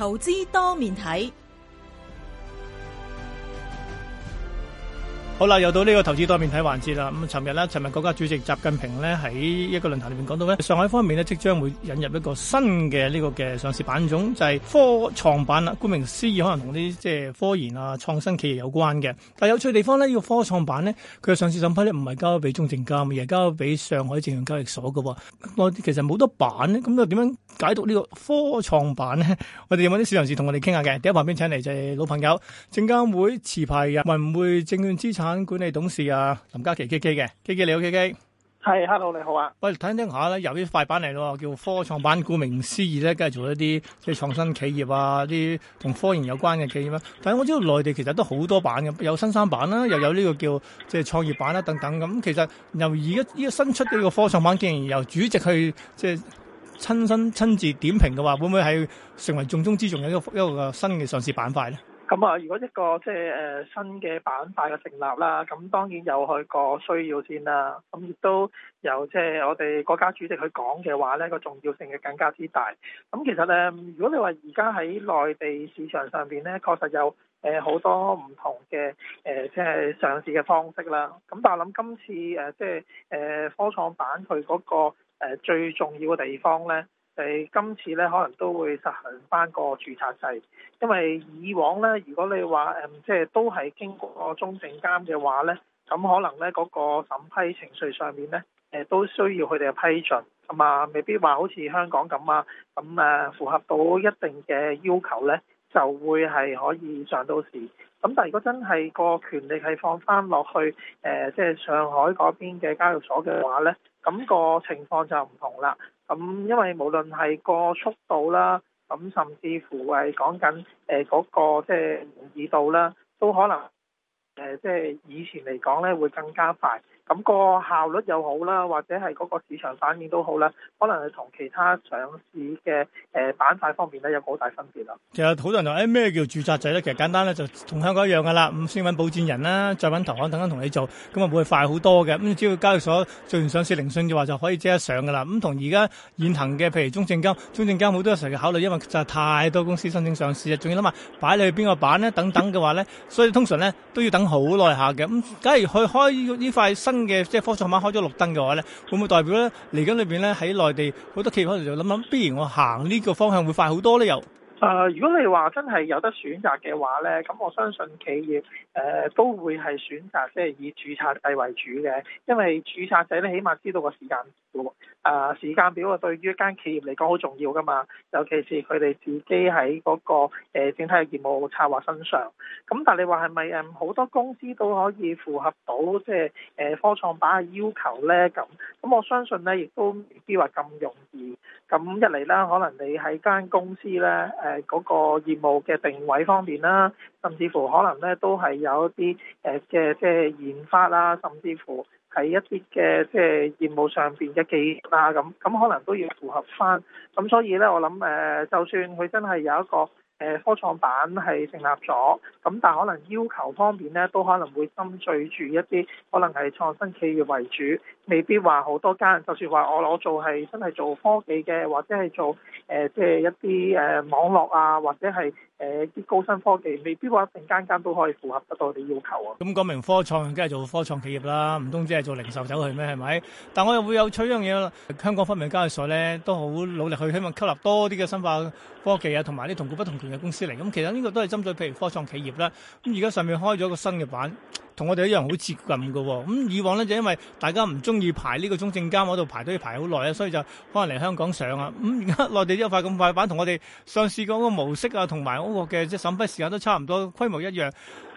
投資多面睇。好啦，又到呢個投資多面睇環節啦。咁尋日咧，尋日國家主席習近平咧喺一個論壇裏面講到咧，上海方面咧即將會引入一個新嘅呢個嘅上市品種，就係、是、科創板啦。顧名思義，可能同啲即係科研啊、創新企業有關嘅。但係有趣地方呢，呢、這個科創板咧，佢嘅上市審批咧唔係交俾中證監，而係交俾上海證券交易所嘅。我其實冇得板咧，咁又點樣解讀呢個科創板咧？我哋有冇啲市同事同我哋傾下嘅。第一旁邊請嚟就係老朋友，證監會持牌唔會，會證券資產。管理董事啊，林嘉麒 K K 嘅 K K 你好 K K 係、hey,，Hello 你好啊。喂，睇下咧，由呢塊板嚟咯，叫科創板，顧名思義咧，梗係做一啲即係創新企業啊，啲同科研有關嘅企業啦。但係我知道內地其實都好多板嘅，有新三板啦，又有呢個叫即係創業板啦等等。咁其實由而家呢個新出嘅呢個科創板，竟然由主席去即係親身親自點評嘅話，會唔會係成為重中之重嘅一個一個新嘅上市板塊咧？咁啊，如果一個即係誒新嘅板塊嘅成立啦，咁當然有佢個需要先啦。咁亦都有即係我哋國家主席去講嘅話咧，個重要性嘅更加之大。咁其實咧，如果你話而家喺內地市場上邊咧，確實有誒好多唔同嘅誒即係上市嘅方式啦。咁但係我諗今次誒即係誒科創板佢嗰個最重要嘅地方咧，誒今次咧可能都會實行翻個註冊制，因為以往咧如果你話誒即係都係經過中證監嘅話咧，咁可能咧嗰個審批程序上面咧誒都需要佢哋嘅批准，咁啊未必話好似香港咁啊，咁誒符合到一定嘅要求咧就會係可以上到市，咁但係如果真係個權力係放翻落去誒即係上海嗰邊嘅交易所嘅話咧，咁個情況就唔同啦。咁因為無論係個速度啦，咁甚至乎係講緊誒嗰個即係易度啦，都、就是、可能誒即係以前嚟講咧會更加快。咁、個效率又好啦，或者係嗰個市場反應都好啦，可能係同其他上市嘅誒板塊方面咧有好大分別啦。其實好多人都咩、哎、叫註冊制咧？其實簡單咧就同香港一樣㗎啦，咁先揾保薦人啦，再揾投行等等同你做，咁啊會快好多嘅。咁只要交易所做完上市聆訊嘅話，就可以即刻上㗎啦。咁同而家現行嘅譬如中證監、中證監好多時嘅考慮，因為就係太多公司申請上市啊，仲要諗埋擺你去邊個板咧等等嘅話咧，所以通常咧都要等好耐下嘅。咁假如去開呢呢塊新。嘅即係科創板開咗綠燈嘅話咧，會唔會代表咧嚟緊裏邊咧喺內地好多企業可能就諗諗，不如我行呢個方向會快好多咧？又、呃、誒，如果你話真係有得選擇嘅話咧，咁我相信企業。誒、呃、都會係選擇即係以註冊制為主嘅，因為註冊制咧起碼知道個時間表，啊、呃、時間表啊對於一間企業嚟講好重要㗎嘛，尤其是佢哋自己喺嗰、那個、呃、整體嘅業務策劃身上。咁但係你話係咪誒好多公司都可以符合到即係誒、呃、科創板嘅要求咧？咁咁我相信咧亦都未必話咁容易。咁一嚟啦，可能你喺間公司咧誒嗰個業務嘅定位方面啦，甚至乎可能咧都係。有一啲誒嘅即係研發啦，甚至乎喺一啲嘅即係業務上邊嘅經驗啦，咁咁可能都要符合返。咁所以呢，我諗誒，就算佢真係有一個誒科創板係成立咗，咁但可能要求方面呢，都可能會針對住一啲可能係創新企業為主。未必話好多間，就算話我攞做係真係做科技嘅，或者係做、呃、即係一啲誒網絡啊，或者係啲、呃、高新科技，未必話一定間間都可以符合得到你要求啊。咁講明科創，梗係做科創企業啦，唔通只係做零售走去咩？係咪？但我又會有取一樣嘢啦。香港分明交易所咧，都好努力去希望吸納多啲嘅生物科技啊，同埋啲同股不同權嘅公司嚟。咁其實呢個都係針對譬如科創企業啦。咁而家上面開咗個新嘅板。同我哋一樣好接近嘅喎、哦，咁、嗯、以往咧就因為大家唔中意排呢個中證監嗰度排都要排好耐啊，所以就可能嚟香港上啊。咁而家內地一發咁快板，同我哋上市嗰個模式啊，同埋嗰個嘅即係審批時間都差唔多，規模一樣，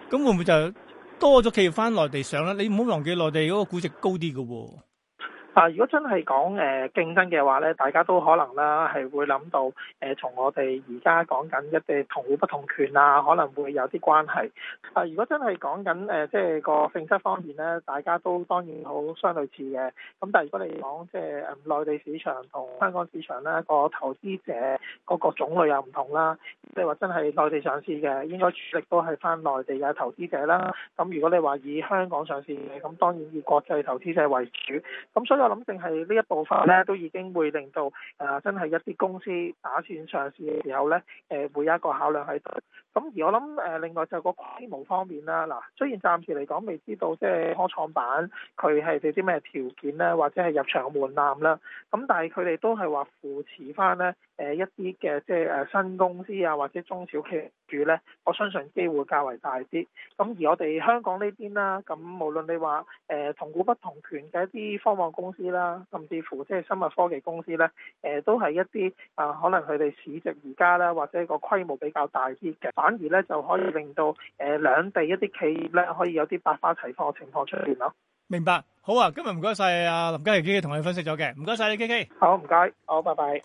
咁會唔會就多咗企業翻內地上咧？你唔好忘記內地嗰個估值高啲嘅喎。如果真係講誒競爭嘅話咧，大家都可能啦係會諗到誒，從我哋而家講緊一啲同股不同權啊，可能會有啲關係。但如果真係講緊誒，即係個性質方面咧，大家都當然好相類似嘅。咁但係如果你講即係誒內地市場同香港市場啦，個投資者嗰個種類又唔同啦。即係話真係內地上市嘅，應該主力都係翻內地嘅投資者啦。咁如果你話以香港上市嘅，咁當然以國際投資者為主。咁所以。我諗淨係呢一部分咧，都已經會令到誒真係一啲公司打算上市嘅時候咧，誒會有一個考量喺度。咁而我諗誒另外就個規模方面啦，嗱雖然暫時嚟講未知道即係科創板佢係對啲咩條件咧，或者係入場嘅門檻啦，咁但係佢哋都係話扶持翻咧誒一啲嘅即係誒新公司啊，或者中小企業主咧，我相信機會較為大啲。咁而我哋香港呢邊啦，咁無論你話誒同股不同權嘅一啲科網公司，公啦，甚至乎即係生物科技公司咧，誒、呃、都係一啲啊、呃，可能佢哋市值而家咧，或者個規模比較大啲嘅，反而咧就可以令到誒兩、呃、地一啲企業咧，可以有啲百花齊放嘅情況出現咯。明白，好啊，今日唔該晒啊，林嘉麒基基同我哋分析咗嘅，唔該晒你基基，好唔該，好拜拜。